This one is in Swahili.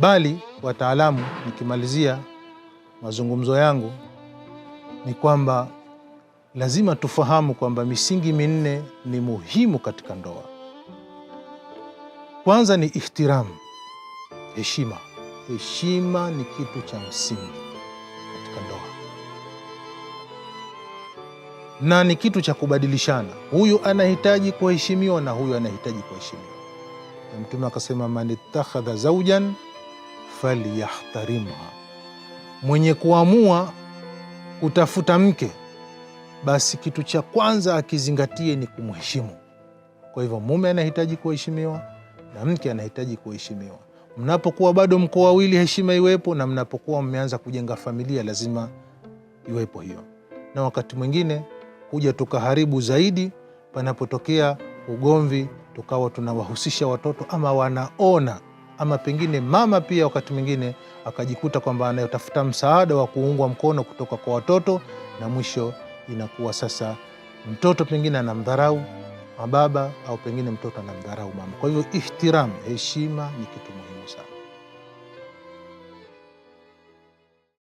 Bali wataalamu, nikimalizia mazungumzo yangu, ni kwamba lazima tufahamu kwamba misingi minne ni muhimu katika ndoa. Kwanza ni ihtiramu, heshima. Heshima ni kitu cha msingi katika ndoa na ni kitu cha kubadilishana. Huyu anahitaji kuheshimiwa na huyu anahitaji kuheshimiwa, na Mtume akasema, man ittakhadha zaujan faliyahtarimha, mwenye kuamua kutafuta mke basi kitu cha kwanza akizingatie ni kumheshimu. Kwa hivyo mume anahitaji kuheshimiwa na mke anahitaji kuheshimiwa. Mnapokuwa bado mko wawili, heshima iwepo, na mnapokuwa mmeanza kujenga familia, lazima iwepo hiyo. Na wakati mwingine huja tukaharibu zaidi panapotokea ugomvi, tukawa tunawahusisha watoto ama wanaona ama pengine mama pia wakati mwingine akajikuta kwamba anayotafuta msaada wa kuungwa mkono kutoka kwa watoto, na mwisho inakuwa sasa mtoto pengine anamdharau mababa au pengine mtoto anamdharau mama. Kwa hivyo ihtiram, heshima ni kitu